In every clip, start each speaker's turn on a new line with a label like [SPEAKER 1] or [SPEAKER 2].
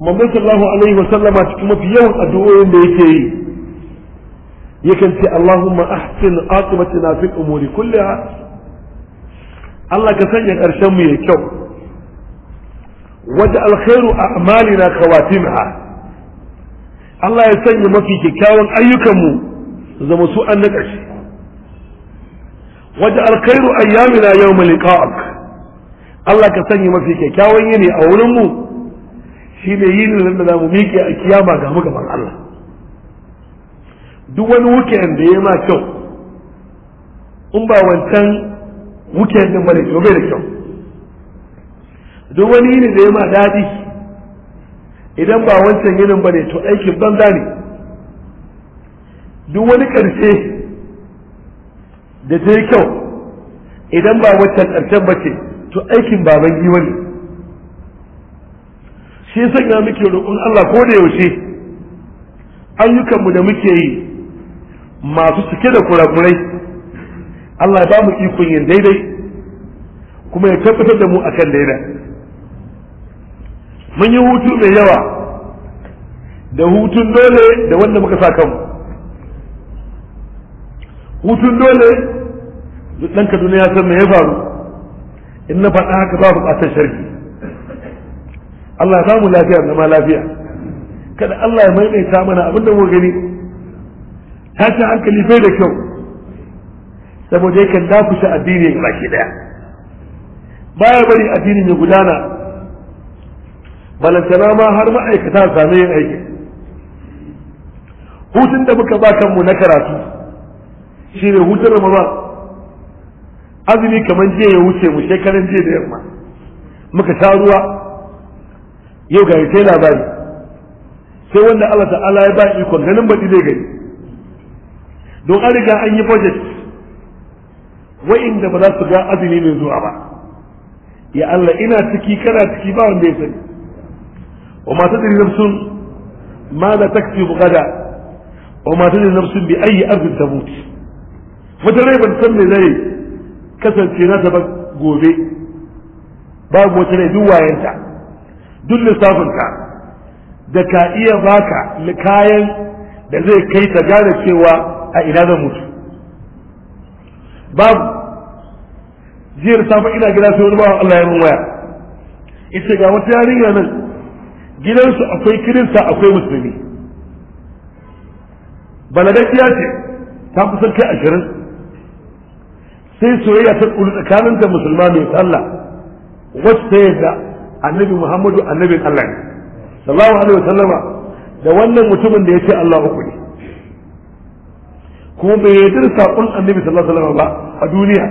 [SPEAKER 1] manzon sallallahu alaihi wa sallama cikin mafi yawan addu'o'in da yake yi yakan ce Allahumma ahsin aqibatina fil umuri kulliha Allah ka sanya karshen mu ya kyau waja alkhairu a'malina khawatimha Allah ya sanya mafi kyakkyawan ayyukanmu zama su an na ƙarshe waja alkhairu ayyamina yawma liqa'ak Allah ka sanya mafi kyakkyawan yini a wurinmu. mu shi ne yi yinin da zamu miki miƙe a kiyama ga mu gaban Allah duk wani weekend da ya ma kyau in ba wancan weekend din bane to bai da kyau duk wani yini da ya ma daɗi idan ba wancan yinin bane to aikin banza ne duk wani ƙarshe da ta yi kyau idan ba wancan ƙarshen ba ce to aikin baban giwa ne shi sanya muke roƙon Allah ko da yaushe ayyukanmu da muke yi masu cike da kurakurai Allah ya ba mu ikon yin daidai kuma ya tabbatar da mu akan daidai mun yi hutu mai yawa da hutun dole da wanda muka sa kanmu hutun dole dan kaduna ya san me ya faru in na faɗa haka ba ƙasar sharhi Allah ya samu lafiya zama lafiya kada Allah ya maimaita mana abin da muka gani ce hankali bai da kyau saboda yakan dakusa addini ga baki daya baya bari addini ya gudana balantana ma har ma'aikata same yin aiki hutun da muka ba kanmu na karatu shine hutun ramadan azumi kamar jiya ya wuce mu shekaran jiya da yamma muka sha ruwa yau ga sai labari sai wanda Allah ta'ala ya ba ikon ganin baɗi zai gani don an riga an yi budget wa'inda ba za su ga azumi mai zuwa ba ya Allah ina ciki kana ciki ba wanda ya sani wa ma tadri nafsun ma la taktibu gada wa ma tadri nafsun bi ayi ardin tamut wata rai ban san me zai kasance na ta gobe babu wata rai duk wayanta duk lissafinka da ka iya baka kayan da zai kai ta gane cewa a ina zan mutu babu jiyar safa ina gida sai wani bawan Allah ya mun waya ita ga wata yarinya nan gidansu akwai kirista akwai musulmi balagajiya ce ta kusan kai ashirin sai soyayya ta tsakanin tsakaninta musulma mai sallah wacce ta yadda annabi muhammadu annabin allah ne sallallahu alaihi sallama da wannan mutumin da ya ce allah uku ne kuma bai yadda da saƙon annabi sallallahu alaihi wasallama ba a duniya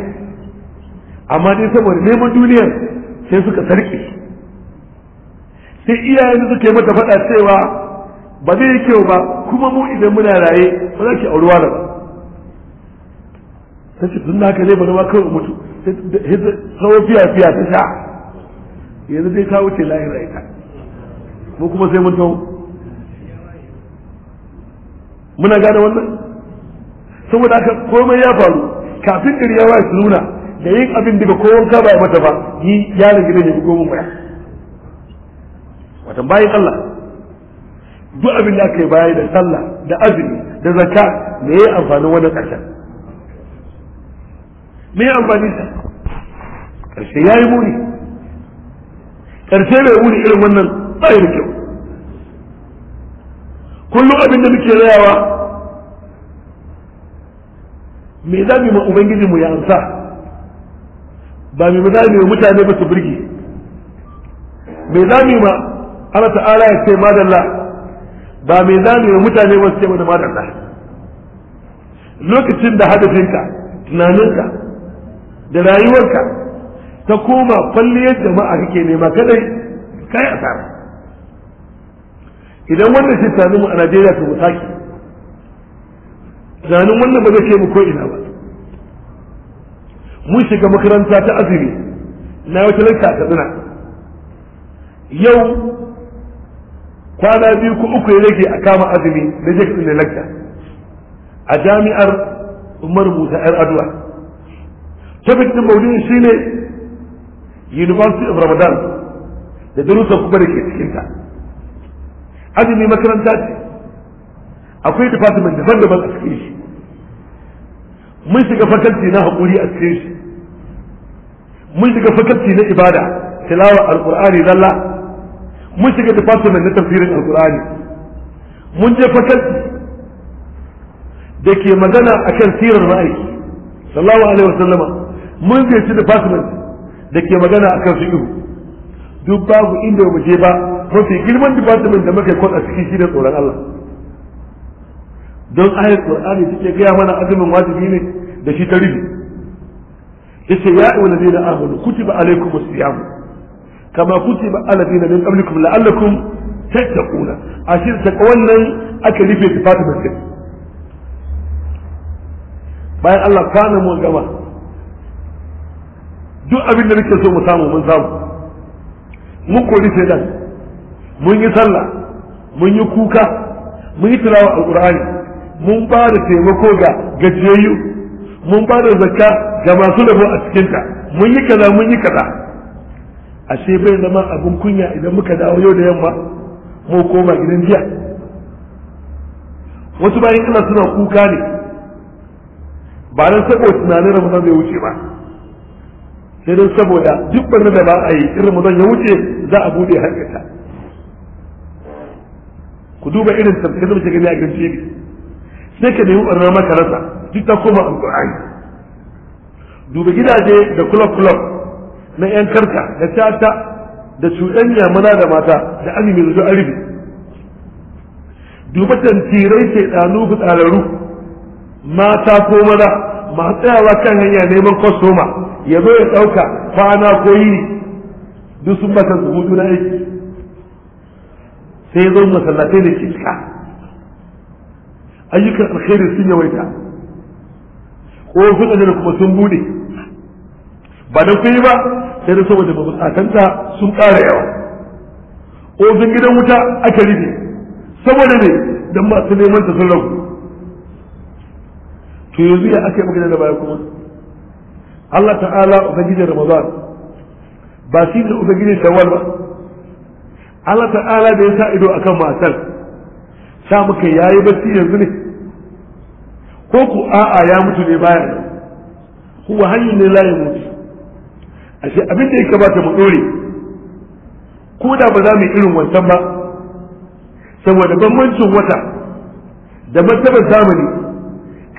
[SPEAKER 1] amma dai saboda neman duniya sai suka sarki sai iyayen suka yi mata faɗa cewa ba zai yi kyau ba kuma mu idan muna raye ba za ki auruwa da ba ta ce tun haka zai ba zama kawai mutu sai sauran fiya fiya ta sha yanzu dai ka wuce layin ita mu kuma sai mun taho muna gane wannan saboda haka komai ya faru kafin ɗari ya waye nuna da yin abin daga kowon ka ba mata ba yi yaron gidan ya bi goma baya watan bayan Allah duk abin da aka yi baya da sallah da azumi da zakka me ya amfanin wannan ƙarshen me yi amfani sa ƙarshe ya yi muni karshe mai wuri irin wannan ba da kyau kullum abin da muke rayawa me za mu ubangiji mu ya amsa ba mu za mu mutane ba su burge me za mu ma Allah ta'ala ya ce madalla ba me za mu mutane ba su ce mana madalla lokacin da hadafinka tunaninka da rayuwarka ta koma kwalliyar jama'a kake nema kadai kai asara idan wannan shi tsanin mu a Najeriya to mutaki tsanin wannan ba zai ce mu ko ina ba mun shiga makaranta ta azumi na wata lakka ta tsina yau kwana biyu ko uku ya rage a kama azumi na je ne lakka a jami'ar Umar Musa 'yar Adwa. Tabbacin maudin ne. university of ramadan da darussan kuma da ke cikinta azumi makaranta ce akwai department daban-daban a cikin shi mun shiga fakalti na haƙuri a cikin shi mun shiga fakalti na ibada tilawa alƙur'ani lalla mun shiga department na tafsirin alƙur'ani mun je fakalti da ke magana akan sirar ma'aiki sallallahu alaihi wasallama mun shi department da ke magana akan su ihu duk babu inda ba je ba mafi girman department da muka a cikin shi da tsoron Allah don ayar qur'ani take gaya mana azumin wajibi ne da shi ta rubi yace ya ayyuhal ladina amanu kutiba alaykumus siyam kama kutiba ala ladina min qablikum la'allakum tattaquna ashe ta wannan aka rufe department bayan Allah kana mu gaba duk abin da muke so mu samu mun samu mun kori sai dan mun yi sallah mun yi kuka mun yi tilawa alqur'ani mun ba da taimako ga gajiyayyu mun ba da zakka ga masu rabo a cikinta mun yi kaza mun yi kaza ashe bai zama abin kunya idan muka dawo yau da yamma mu koma gidan jiya wasu bayan ina suna kuka ne ba don saboda tunanin ramadan bai wuce ba sai don saboda duk wani da ba a yi irin ramadan ya wuce za a bude harkarta ku duba irin tafsirin da muke gani a gidan tv sai ka nemi ɓarnar maka rasa duk ta koma ƙwarai duba gidaje da club club na yan karka da tata da cuɗanya mana da mata da azumi da aribi duba tantirai ke ɗanu tsararru mata ko mana, masu tsayawa kan hanya neman kwastoma ya zo ya ɗauka kwana ko yini duk sun bata hutu na aiki sai ya zo masallatai da ke cika ayyukan alkhairi sun yawaita kuma da kuma sun bude ba da kuyi ba sai da saboda mabukatanta sun ƙara yawa ƙofin gidan wuta aka rufe saboda ne don masu neman ta sun rabu to yanzu ya aka yi magana da baya kuma Allah ta'ala ubangiji Ramadan ba shi da ubangiji Shawwal ba Allah ta'ala da ya sa ido akan matar sa muka yayi barci yanzu ne ko ku a'a ya mutu ne baya huwa hanyar ne la mutu. ashe abin da yake bata mu dore ko da ba za mu irin wancan ba saboda bambancin wata da martabar zamani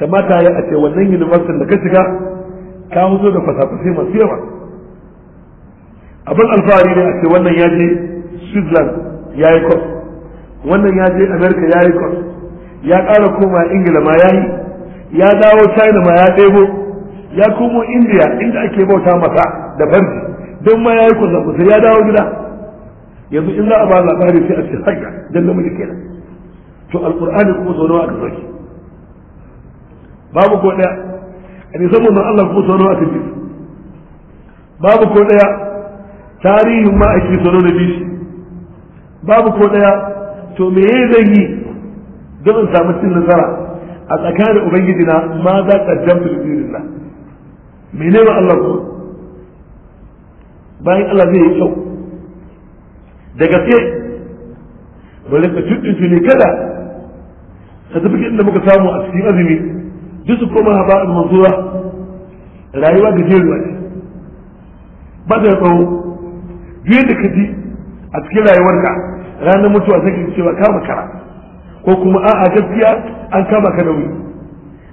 [SPEAKER 1] kamata ya a ce wannan university da ka shiga ka huto da kwasa-kwasai masu yawa abin alfahari ne a ce wannan ya je switzerland ya yi kwas wannan ya je america ya yi kwas ya ƙara koma ingila ma ya yi ya dawo china ma ya ɗebo ya komo india inda ake bauta masa da farji don ma ya yi kwasa-kwasai ya dawo gida yanzu in za a ba labari sai a ce don jalla muke kenan to al'ƙur'ani kuma zo nawa aka sauke babu ko ɗaya. hadisan manzon Allah kuma sau nawa aka ce babu ko ɗaya tarihin ma ake sau nawa bi shi babu ko ɗaya to me zan yi don in samu cin nasara a tsakanin ubangiji na ma za ka jamta da birin na mene ma Allah ko bayan Allah zai yi kyau daga sai bari ka tuɗin ne kada ka tafi inda muka samu a cikin azumi duk su koma ba in manzura rayuwa gajeruwa ne ba da tsawo duk da ka a cikin rayuwarka ranar mutuwa sai ka cewa kama kara ko kuma a'a gaskiya an kama ka nauyi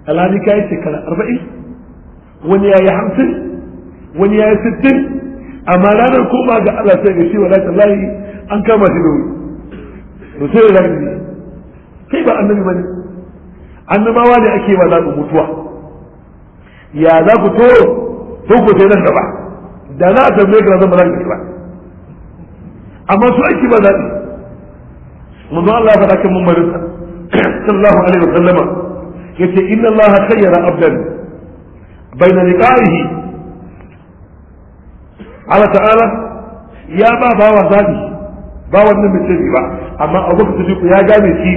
[SPEAKER 1] alhali kai yi shekara arba'in wani ya yi hamsin wani ya yi sittin amma ranar koma ga Allah sai ga shi wa lahi an kama shi nauyi to sai ya kai ba annabi bane annabawa ne ake za ku mutuwa ya za ku toro sun ku sai nan gaba da za a tambaye ka zan ba za ka ba amma su ake ba ne. manzo Allah ya faɗa kan marisa sallallahu alaihi wa sallama yace inna Allah khayyara abdan bayna liqa'ihi ala ta'ala ya ba bawa zaɓi ba wannan mutum ba amma Abu da ya gane shi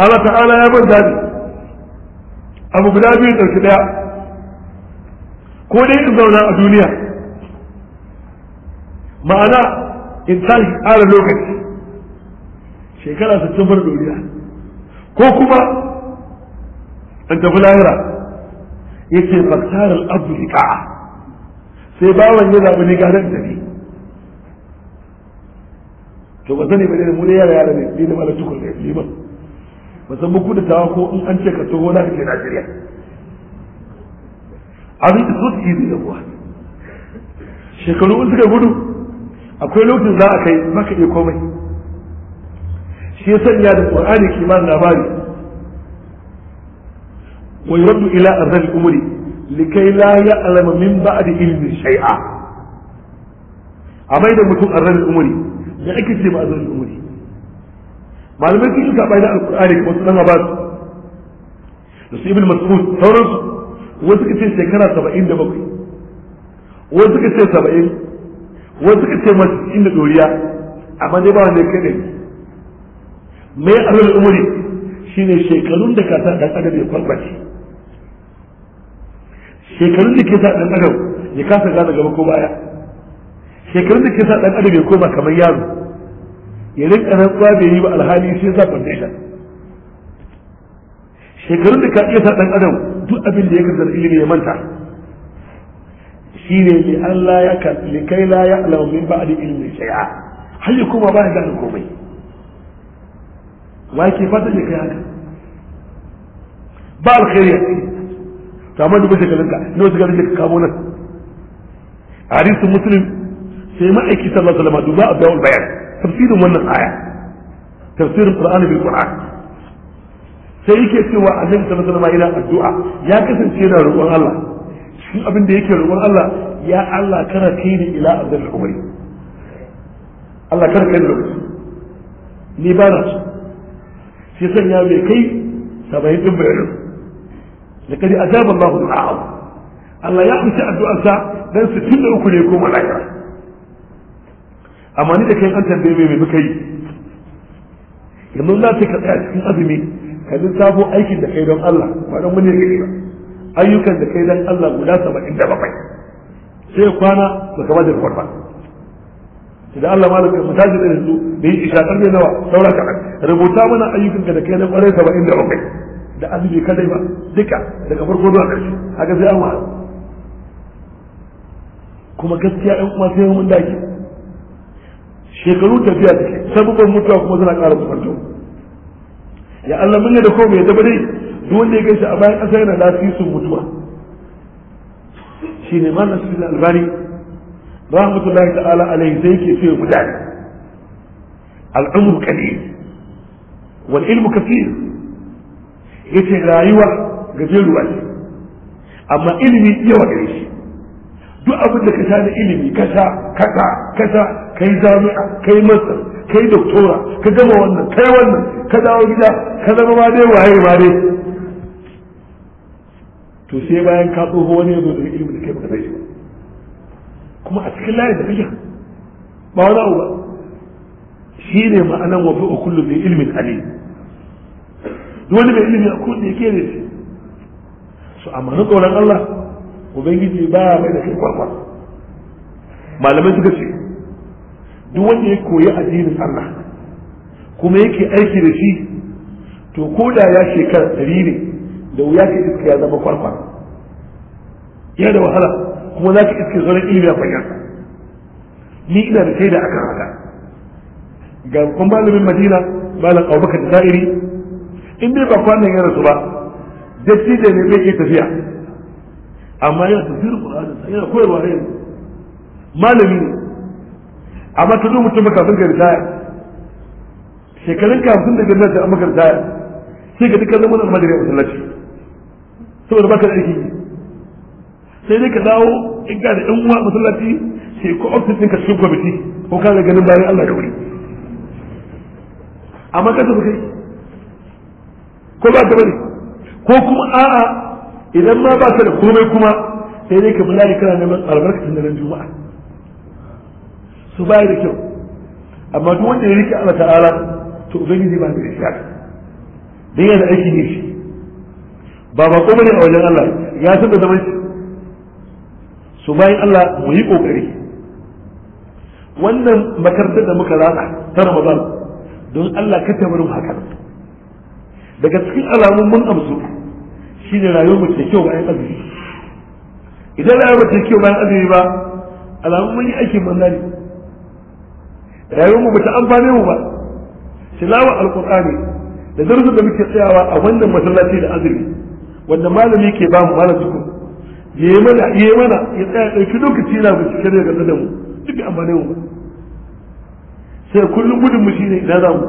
[SPEAKER 1] Allah ta'ala ya manta ne abu guda biyu ɗauki ɗaya ko dai in zauna a duniya ma'ana in tashi ƙara lokaci shekara ta bar duniya ko kuma an tafi lahira yake faktar al'abdu liqa'a sai bawan ya zaɓi ni garin ni, to ba zane ba ne mu ne yara yara ne ni ne mala tukur ne liman ba san muku da tawa ko in an ce ka tsoho na ke Najeriya abin da su yi da yawa shekaru in suka gudu akwai lokacin za a kai maka iya komai shi ya sanya da Qur'ani kimanin labari wa rabu ila arzal umuri, likai la alama min da ilimin shai'a? a mai da mutum arzal umuri, da ake ce ba arzal umuri. malamai sun yi saɓani alƙur'ani kamar su ɗan abbas da su ibn mas'ud sauransu wasu suka ce shekara saba'in da bakwai wasu suka ce saba'in wasu suka ce masu da ɗoriya amma dai ba wanda ya kai ɗari mai arzul umuri shine shekarun da ka sa ɗan adam ya kwarkwace shekarun da ke sa ɗan adam ya kasa gane gaba ko baya shekarun da ke sa ɗan adam ya koma kamar yaro ya rinka rantsuwa bai yi ba alhali sai sa foundation shekarun da ka iya sa dan adam duk abin da ya kasar ilimi ya manta shine li Allah ya ka li kai la ya alamu min ba'di ilmi shay'a har ya koma ba da ganin komai wa ke fata ne kai haka ba alkhairi ta amma duk shekarun ka ne wata garin da ka kawo nan hadisin muslim sai ma'aiki sallallahu alaihi wasallam duba abdul bayan tafsirin wannan aya tafsirin qur'ani bil qur'an sai yake cewa annabi sallallahu alaihi wasallam yana addu'a ya kasance yana roƙon Allah cikin abin da yake roƙon Allah ya Allah kana kai ni ila azal umri Allah kana kai ni lokaci ni ba na shi sanya mai kai saba'in din bayanin da kadi ajaba Allahu da'ahu Allah ya amsa addu'arsa dan uku ne ko malaika amma ni da kai an tambaye mai muka yi yanzu za ka tsaya cikin azumi ka sabo aikin da kai don Allah ba don wani ne ba ayyukan da kai don Allah guda 77 sai kwana ba ka da ba idan Allah malam ka mutaji da yanzu da yi isha karbe nawa saura ka rubuta mana ayyukan da kai don kwarai 77 da da azumi kadai ba duka daga farko zuwa ƙarshe haka sai an wahala kuma gaskiya ɗan uwa sai mun dake shekaru tafiya take sababban mutuwa kuma suna ƙara kusanto ya Allah mun da komai ya daba dai duk wanda ya gaisa a bayan ƙasa yana sun mutuwa Shi ne ma nasu albani rahmatullahi ta'ala alaihi sai yake ce mutane al'umru kadi wal ilmu Ya ce rayuwa gajeruwa ce amma ilimi yawa gare shi duk abin da ka sha da ilimi kasa kasa kasa kai jami'a kai masar kai doktora ka gama wannan kai wannan ka dawo gida ka zama ma dai waye ma dai to sai bayan ka tsoho wani yazo zo da ilimin da kai baka san shi ba kuma a cikin layin da kake ba wani abu ba shi ne ma'anan wa fi'a kullum mai ilimin ali wani mai ilimin a da yake ne shi su amma na tsoron Allah ubangiji ba mai da shi kwakwa malamai suka ce duk wanda ya koyi addinin Allah kuma yake aiki da shi to ko da ya shekara ɗari ne da wuya ka iska ya zama kwarkwar yana da wahala kuma za ka iska sauran ilimi a bayan ni ina da shaida akan haka ga kun malamin madina malam abubakar da'iri in bai ba kwanan ya rasu ba da ne bai ke tafiya amma yana tafiyar ƙwararsa yana koyarwa ne malami ne amma ta zo mutum kafin ka ritaya shekarun kafin da gwamnati an maka ritaya sai ka duka zama da masallaci saboda baka da aiki sai dai ka dawo in ga da yan uwa masallaci sai ko ofis ɗinka cikin kwamiti ko ka ga ganin bayan Allah da wuri amma ka tafi kai ko ba ta bane ko kuma a'a idan ma ba ta da komai kuma sai dai ka bulari kana neman albarkacin da nan juma'a to baya da kyau amma duk wanda ya rike Allah ta'ala to ubangiji ba da shi dan yana aiki ne shi ba ba ko bane a wajen Allah ya san da zaman shi so bayan Allah mu yi kokari wannan makarantar da muka rana ta Ramadan don Allah ka tabarin haka daga cikin alamun mun amsu shine rayuwar mu ce kyau bayan azumi idan rayuwar mu ta kyau bayan azumi ba alamun mun yi aikin manzari rayuwar mu bata amfane mu ba tilawa alqur'ani da darussa da muke tsayawa a wannan masallaci da azumi wanda malami ke ba mu malam suku ya mana ya mana ya tsaya dauki lokaci na bincike da daga da mu duk amfane mu sai kullum gudun mu shine idan za mu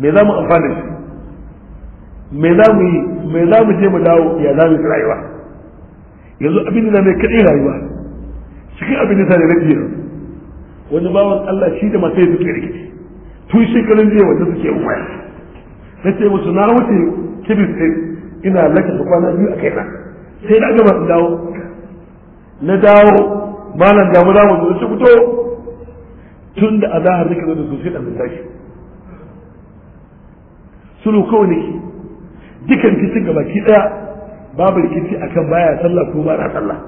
[SPEAKER 1] me za mu amfana shi me za mu yi me za mu je mu dawo ya za mu rayuwa yanzu abin da mai kaɗai rayuwa cikin abin da ta ne rage wani bawan Allah shi da matai suke rikici tun shekarun jiya wata suke umar na ce musu na wuce kibis ɗin ina laka da kwana biyu a kai na sai na gaba su dawo na dawo malam damu damu da su fito tun da azahar nake zo da su sai ɗan tashi sulu kawai nake Dukkan kicin ga baki ɗaya babu rikici akan baya sallah ko ba na sallah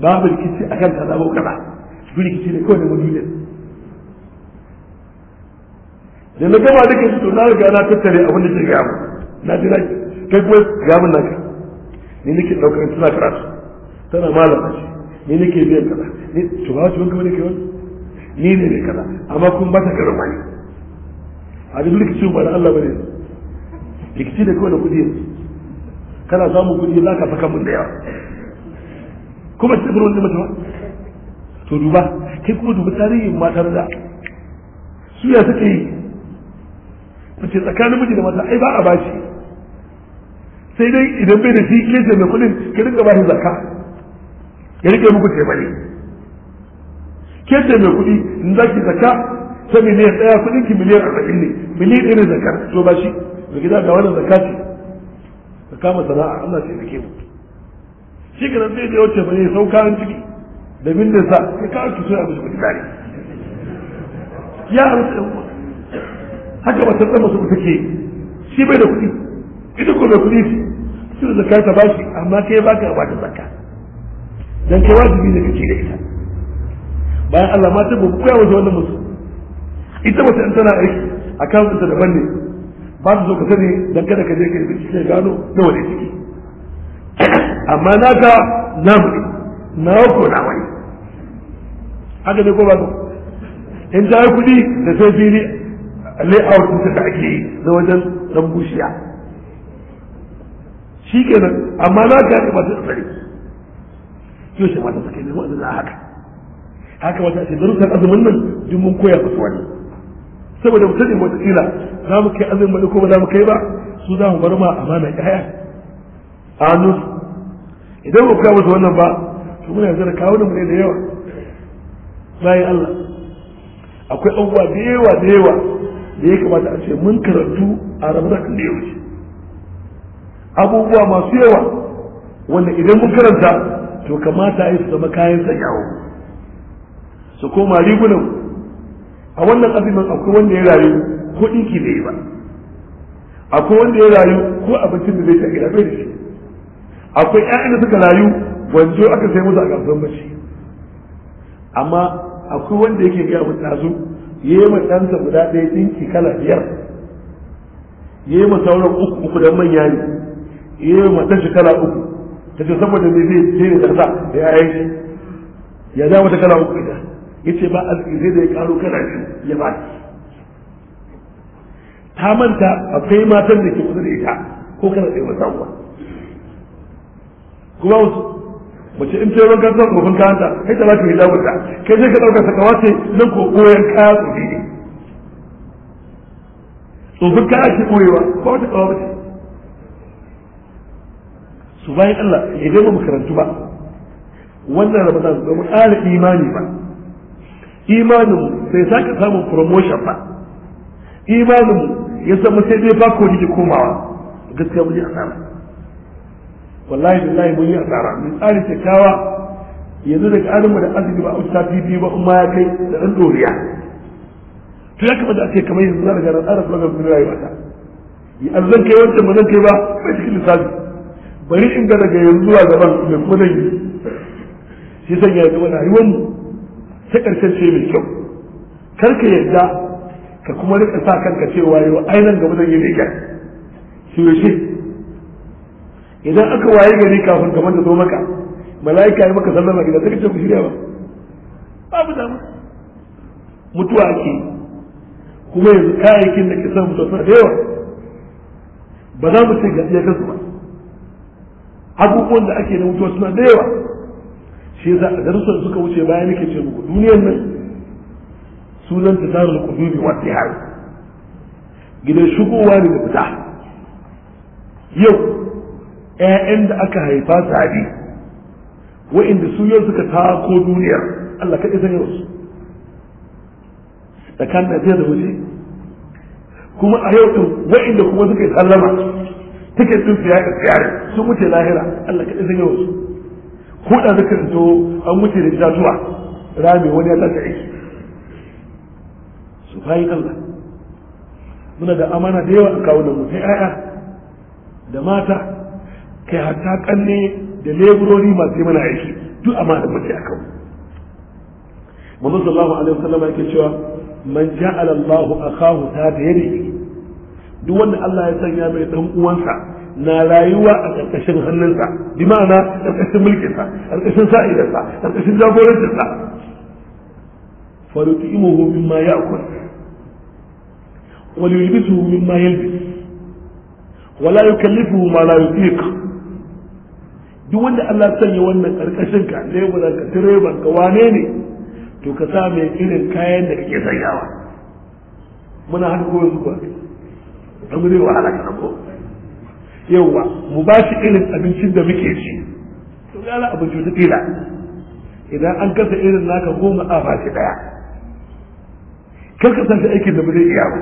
[SPEAKER 1] babu rikici akan kaza ko kaza birkici ne kawai da madina da na gama duka su na riga na tattare abin da jirga mu na jira ki kai kuma gamin naka ni nake daukar in tana karatu tana malama ce ni nake biyan kaza ni to ba su wanka wani kai ni ne ne kaza amma kun ba ta karin a duk rikicin ba da Allah bane rikici da kawai da kudi kana samun kudi za ka saka mun da yawa kuma tsibirin da mutum to duba kai kuma duba tarihin matar da su ya suke yi mace tsakanin miji da mata ai ba a bashi sai dai idan bai da shi ke ce mai kudin ki rinka bashi zakka ya rike muku taimake ke ce mai kudi in za ki zakka ta miliyan ɗaya kudin ki miliyan arba'in ne miliyan ɗaya ne zakka to ba shi da gida ga wannan zakka ce zakka masana'a Allah ce da ke mu shi ka zai da yau taimake sau kayan ciki da min da sa kai ka ake soya musu kuɗi tare ya rufe ɗan uwa haka ba san masu ku ke shi bai da kuɗi ita ko bai kuɗi su shi da zakar ta bashi amma kai baka ba ta zakka dan kai wajibi ne kace da ita bayan Allah ma ta gobe koya wajen wannan musu ita mace in tana aiki A akawun da daban ne ba su zoka ka sani dan kada ka je ka yi bincike gano na wani ciki amma na ga namu ne na ku na wani haka ne ko ba ku in ta yi kuɗi da sai fili layout ɗin da ake yi na wajen dan bushiya shi nan. amma na ka ba ta tsare yau shi mata suke sake ne wanda za haka haka wata ce darussan azumin nan duk mun koya musu wani saboda mutane wata tsira, za mu kai azumin ba ko ba za mu kai ba su za mu bar ma amana A anus idan ba kai musu wannan ba to muna yanzu da kawo da mu ne da yawa bayan Allah akwai abubuwa da yawa da yawa da ya kamata a ce mun karatu a ramadan da ya abubuwa masu yawa wanda idan mun karanta to kamata a yi su zama kayan sanyawa su koma rigunan a wannan abin akwai wanda ya rayu ko ɗinki bai yi ba akwai wanda ya rayu ko abincin da zai ta gida bai da shi akwai 'ya'yan da suka rayu wanzu aka sai musu a kasuwan bashi amma akwai wanda yake gaya mu ɗazu ya yi ma ɗansa guda ɗaya ɗinki kala biyar ya yi ma sauran uku uku don manya ne ya yi ma ɗansa kala uku ta ce saboda me zai ce ne ɗansa da ya yi ya za mata kala uku ita ya ce ba arziki zai da ya ƙaro kala biyu ya ba ta manta akwai matan da ke kusa da ita ko kana ɗaya wata kuma mace in ce wanka ta kuma funka hanta kai ta za ka yi lagunta kai je ka ɗauka ta ce nan ko koyan kaya tsofi ne tsofin kaya ake koyewa ko wata kawa ce su bayan Allah ya mu makarantu ba wannan ramadan ba mu ƙara imani ba imanin sai sake samun promotion ba imanin ya zama sai dai bako ne ke komawa gaskiya mu je asara wallahi billahi mun yi asara mun tsari kyakkyawa yanzu da ƙarin mu da arziki ba a wuce biyu ba kuma ya kai da ɗan ɗoriya. to ya kamata a ce kamar yanzu za a ga tsara program ɗin rayuwata yanzu zan kai wancan ba zan kai ba bai cikin lissafi bari in ga daga yanzu zuwa gaban mai kuma zan yi shi zan yi a rayuwar mu ta ƙarshen ce mai kyau kar ka yadda ka kuma rika sa kanka cewa yau ainihin ga gaba zan yi mai kyau shi idan aka waye gari kafin kamar da zo maka mala'ika ya maka sallama gida sai ka ce ku shirya ba babu dama mutuwa ake kuma yanzu kayayyakin da ke son mutuwa suna da yawa ba za mu ce ga iya kasu ba abubuwan da ake na mutuwa suna da yawa shi za a darussan suka wuce bayan nake ce muku duniyan nan sunan ta tarul qulubi wa tihar gidan shugowa ne da fita yau ƴaƴan da aka haifa sabi wa'inda su yau suka tako duniyar Allah kaɗai zai yau su tsakanin Najeriya da waje kuma a yau ɗin wa'inda kuma suka yi sallama take ɗin fiya ga tsari, sun wuce lahira Allah kaɗai zai yau su kuɗa zaka to an wuce da jatuwa rami wani ya tsaka aiki su fayi Allah muna da amana da yawa a kawunan mu sai ƴaƴa da mata kai hatta kanne da leburori masu mana aiki duk amana da a kan Muhammad sallallahu alaihi wasallam yake cewa man ja'ala Allahu akahu ta da yadi duk wanda Allah ya sanya mai dan uwansa na rayuwa a ƙarƙashin hannunsa bi ma'ana ƙarƙashin mulkinsa ƙarƙashin sa ƙarƙashin jagorancinsa fa yutimuhu mimma ya'kul wa yulbisuhu mimma yalbis ولا يكلفه ما لا يطيق duk wanda Allah sanya wannan karkashin ka leburan ka direban ka wane ne to ka sa mai irin kayan da kake sanyawa muna hada goyon zuwa an gure wa halaka ko yawa mu ba shi irin abincin da muke ci to ga Allah abin cuta kila idan an kasa irin naka goma a fashi daya kar ka san aikin da ba zai iya ba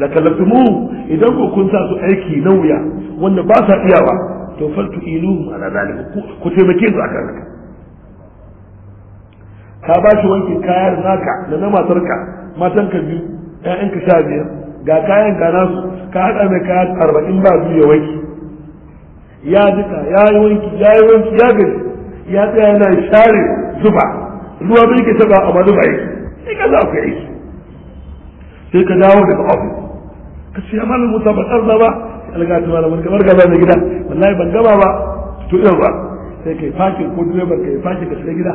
[SPEAKER 1] da kallatumu idan ko kun sa su aiki na wuya wanda ba sa iyawa to faltu iluhum ala zalika ku taimake su akan haka ka ba shi wanke kayan naka da na matarka ka biyu ka sha biyar ga kayan ga nasu ka haɗa mai kayan arba'in ba biyu ya wanki ya duka ya yi wanki ya yi wanki ya gaji ya tsaya yana share zuba ruwa bai ke taba a zuba yake sai ka za ku aiki sai ka dawo daga ofis ka ce malam musa ba tsarza ba alga ta malamin kamar gaba mai gida wallahi ban gaba ba to yau ba sai kai fakin ko direban kai fakin ka shiga gida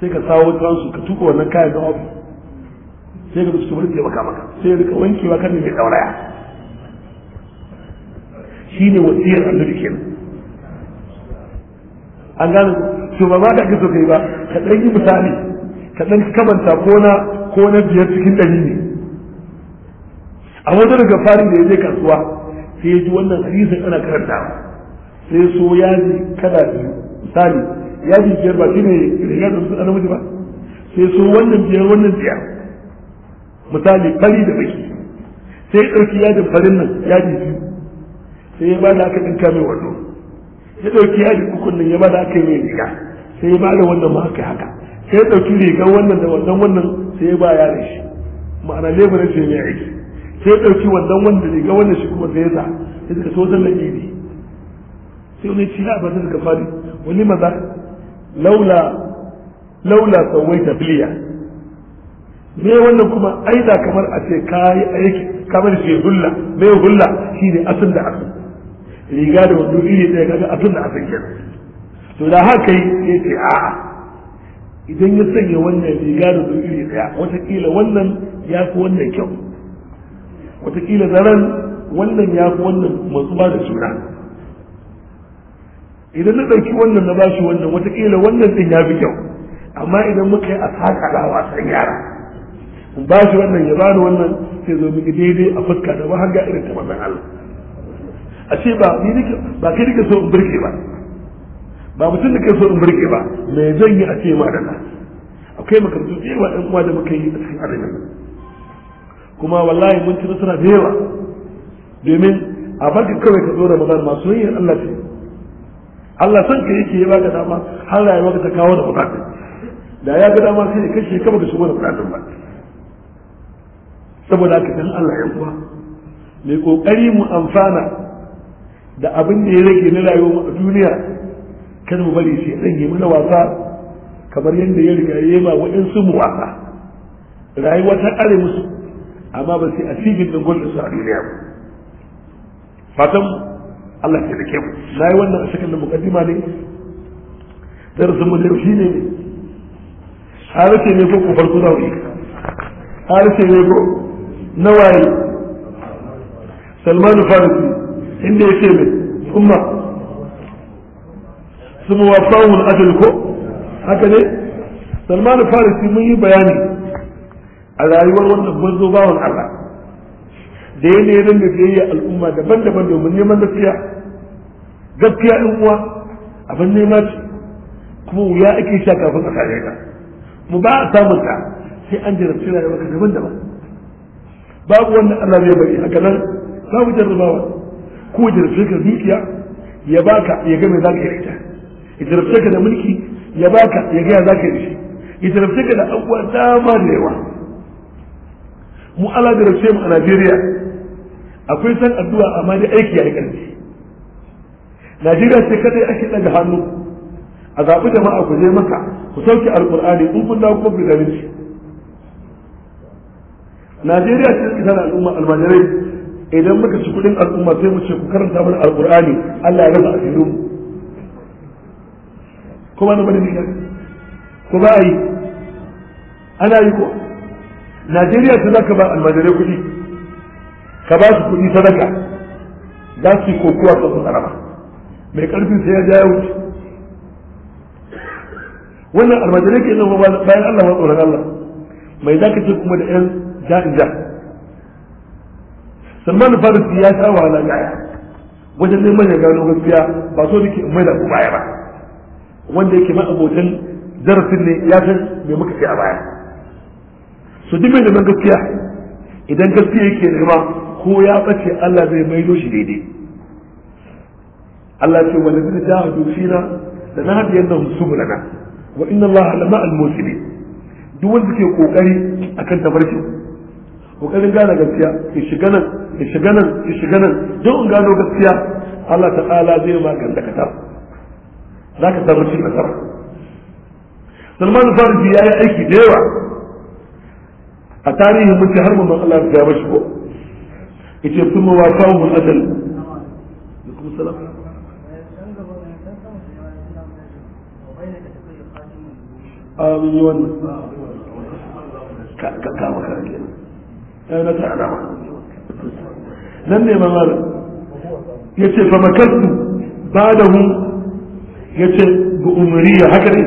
[SPEAKER 1] sai ka sawo transu ka tuka wannan kayan na ofis sai ka suka bari taimaka maka sai ya rika wankewa kan mai dauraya ne wasiyar annabi kenan an gane to ba ma da kake so kai ba ka dan yi misali ka dan kamanta ko na ko na biyar cikin ɗari ne a wajen daga farin da ya je kasuwa sai ya ji wannan hadisin ana karanta sai so ya ji kada biyu misali ya ji biyar ba ne riga da sun anamiji ba sai so wannan biyar wannan biyar misali fari da baki sai ya ɗauki farin nan ya ji biyu sai ya bada aka ɗinka mai wando ya ɗauki ji ukun nan ya bada aka yi mai riga sai ya bada wannan ma aka haka sai ya ɗauki rigar wannan da wannan wannan sai ya ba yaron shi ma'ana leburan sai mai aiki sai ɗauki wannan wanda riga wannan shi kuma zai sa sai suka so zan lage ne sai wani ci na abin suka fari wani maza laula laula tsawai tafiya me wannan kuma ai da kamar a ce kayi aiki kamar shi hulla me hulla ne asin da asin riga da wando iri ɗaya kaga asin da asin kenan to da haka yi sai ce a'a idan ya sanya wannan riga da wando iri ɗaya wataƙila wannan ya fi wannan kyau wataƙila zaren wannan ya fi wannan masu ba da juna idan na ɗauki wannan na ba shi wannan wataƙila wannan ɗin ya fi kyau amma idan muka yi a saka da wasan yara ba shi wannan ya bani wannan sai zo miki daidai a fuska da ba har ga irin ta manzon Allah a ce ba ni nika ba kai nika so in burge ba ba mutum da kai so in burge ba me zan yi a ce ma da akwai makarantu da ɗan uwa da muka yi a cikin arewa kuma wallahi mun ci nasara da yawa domin a farkin kawai ka zo ramadan masu yin Allah ce Allah san ka yake ya baka dama har rayuwa ka ta kawo da bukatun da ya ga dama sai ka kashe kaba baka shigo da bukatun ba saboda haka dan Allah ya kuwa mai kokari mu amfana da abin da ya rage na rayuwa a duniya kan mu bari sai dan yi mana wasa kamar yadda ya riga ya yi ma waɗansu mu wasa rayuwa ta kare musu amma ba sai a cikin din gwamnati su a duniya ba fatan Allah ya dake mu na yi wannan a cikin da mukaddima ne darasin mu da yau shine ne harshe ne ko ku farko za ku harshe ne ko na waye salmanu farisi inda ya ce mai wa su muwafahun ajal ko haka ne salmanu farisi mun yi bayani a rayuwar wannan manzo bawan Allah da ya ne ran da biyayya al'umma daban-daban domin neman gaskiya gaskiya in uwa abin nema ce kuma wuya ake sha kafin a sare ka mu ba a samun ta sai an jarabci rayuwar ka daban-daban babu wannan Allah zai bari haka nan babu jarrabawa ko jarabce ka dukiya ya baka ya ga me za ka yi ita ya jarabce ka da mulki ya baka ya ga ya za ka yi shi ya jarabce ka da abubuwa dama da yawa mu ala da rafe mu a Najeriya akwai san addu'a amma dai aiki yayi karfi Najeriya sai kada ake daga hannu a zaɓi jama'a ku je maka ku sauke alqur'ani in kun dawo kuma rinci Najeriya sai suke tana al'umma almajirai idan muka ci kuɗin al'umma sai mu ce ku karanta mana alqur'ani Allah ya raba asirin mu kuma na bane ne ko ba yi ana yi ko najeriya su zaka ba almajirai kuɗi ka ba su kuɗi sadaka za su yi kokowa ta sun araba mai ƙarfin sai ya ja ya wuce wannan almajirai ke zama bayan allah ma tsoron allah mai za ka ce kuma da yan ja'in ja salman farisi ya sha wahala gaya wajen neman ya gano gaskiya ba so da ke mai da baya ba wanda yake ma abotan darasin ne ya san me muka ce a baya su duk da neman gaskiya idan gaskiya yake nema ko ya bace Allah zai maido shi daidai Allah ce wa ladina jahadu fina lanahdiyannahum subulana wa inna Allah lama al-muslimin duk wanda ke kokari akan tabarki kokarin gane gaskiya ya shiga nan ya shiga nan ya shiga nan don in gano gaskiya Allah ta'ala zai ganda ka ta zaka samu shi nasara Salman ya yayi aiki da yawa a tarihin muke har mun Allah ya gaba shi ko yace kuma wa qawmul adl alaikum salam amin wannan ka ka ka maka ai na ta dama nan ne ma mala yace fa makartu badahu yace bi umriya haka ne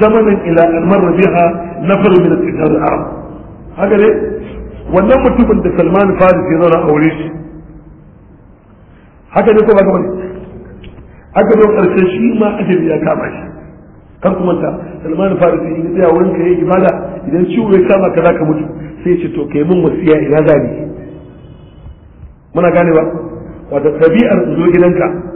[SPEAKER 1] zamanin ila an marra biha nafar min al-arab haka ne wannan mutumin da salman faris ya zauna aure shi haka ne ko ba ne haka don karshe shi ma ajali ya kama shi kan kuma ta salman faris ya tsaya wurin ka yi ibada idan ciwo ya kama ka za ka mutu sai ce to kai min wasiya ina zabi muna ganewa wata tabi'ar zo gidanka